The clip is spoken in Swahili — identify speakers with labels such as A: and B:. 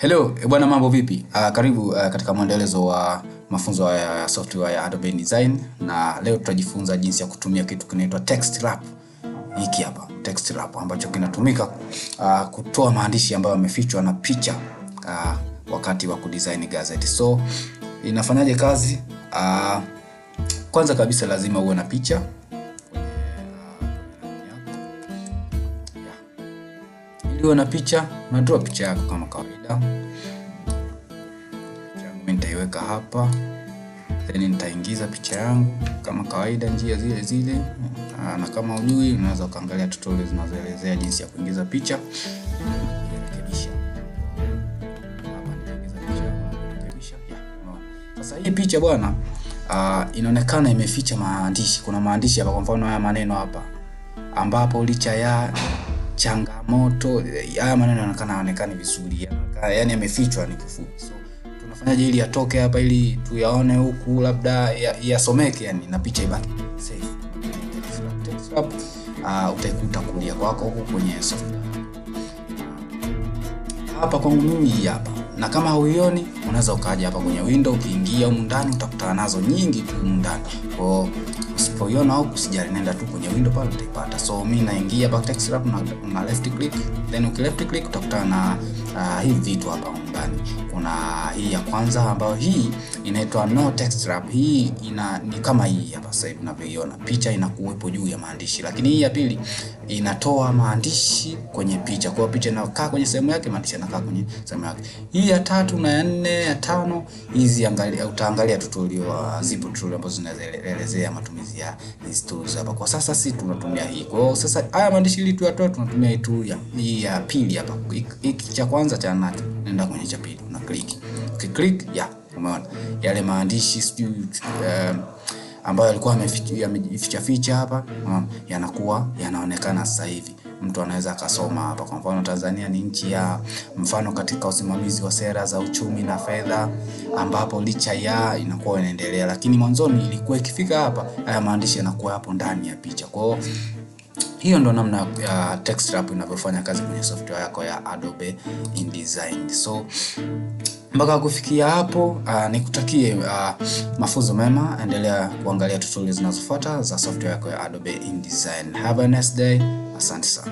A: Hello, bwana mambo vipi? Uh, karibu uh, katika mwendelezo wa mafunzo ya software ya Adobe design na leo tutajifunza jinsi ya kutumia kitu kinaitwa text wrap. Hiki hapa text wrap ambacho kinatumika uh, kutoa maandishi ambayo yamefichwa na picha uh, wakati wa kudesign gazeti. So inafanyaje kazi? Uh, kwanza kabisa lazima uwe na picha ulio na picha, unadraw picha yako kama kawaida. Nitaiweka hapa, then nitaingiza picha yangu kama kawaida, njia zile zile. Na kama ujui, unaweza ukaangalia tutorial zinazoelezea jinsi ya kuingiza picha. Sasa hii picha bwana, uh, inaonekana imeficha maandishi. Kuna maandishi hapa, kwa mfano haya maneno hapa, ambapo licha ya changamoto, haya maneno yanakana haonekani vizuri, yaani yamefichwa ni kifupi. So tunafanyaje ili yatoke hapa, ili tuyaone huku, labda yasomeke ya yani, na picha ibaki safe. uh, utaikuta kulia kwako huku kwenye software ah, hapa kwangu mimi hapa, na kama hauioni unaweza ukaja hapa kwenye window, ukiingia humu ndani utakutana nazo nyingi tu humu ndani kwao Usipoiona au usijali, nenda tu kwenye window pale utaipata. So mimi naingia Backtext Lab na, na left click, then ukileft click utakutana na uh, hivi vitu hapa mbalimbali. Kuna hii ya kwanza ambayo hii inaitwa no text wrap. Hii ina ni kama hii hapa sasa hivi tunavyoiona, picha inakuwepo juu ya maandishi, lakini hii ya pili inatoa maandishi kwenye picha. Kwa picha inakaa kwenye sehemu yake, maandishi yanakaa kwenye sehemu yake. Hii ya tatu na ya nne, ya tano, hizi angalia, utaangalia tutorial, uh, zipo tutorial ambazo zinaelezea matumizi ya these tools hapa. Kwa sasa sisi tunatumia hii. Kwa sasa haya maandishi ili tuyatoe, tunatumia hii tu ya, hii ya pili hapa. Hiki cha kwanza cha nenda kwenye kipindi cha pili una click. click ya umeona yale maandishi sijui eh, ambayo alikuwa ameficha ficha hapa yanakuwa yanaonekana sasa hivi mtu anaweza akasoma hapa. Kwa mfano, Tanzania ni nchi ya mfano katika usimamizi wa sera za uchumi na fedha, ambapo licha ya inakuwa inaendelea, lakini mwanzoni ilikuwa ikifika hapa, haya maandishi yanakuwa hapo ndani ya picha. Kwa hiyo ndo namna ya uh, TextRap inavyofanya kazi kwenye software yako ya Adobe InDesign. So mpaka kufikia hapo uh, nikutakie uh, mafunzo mema. Endelea kuangalia tutorials zinazofuata za software yako ya Adobe InDesign. Have a nice day. Asante sana.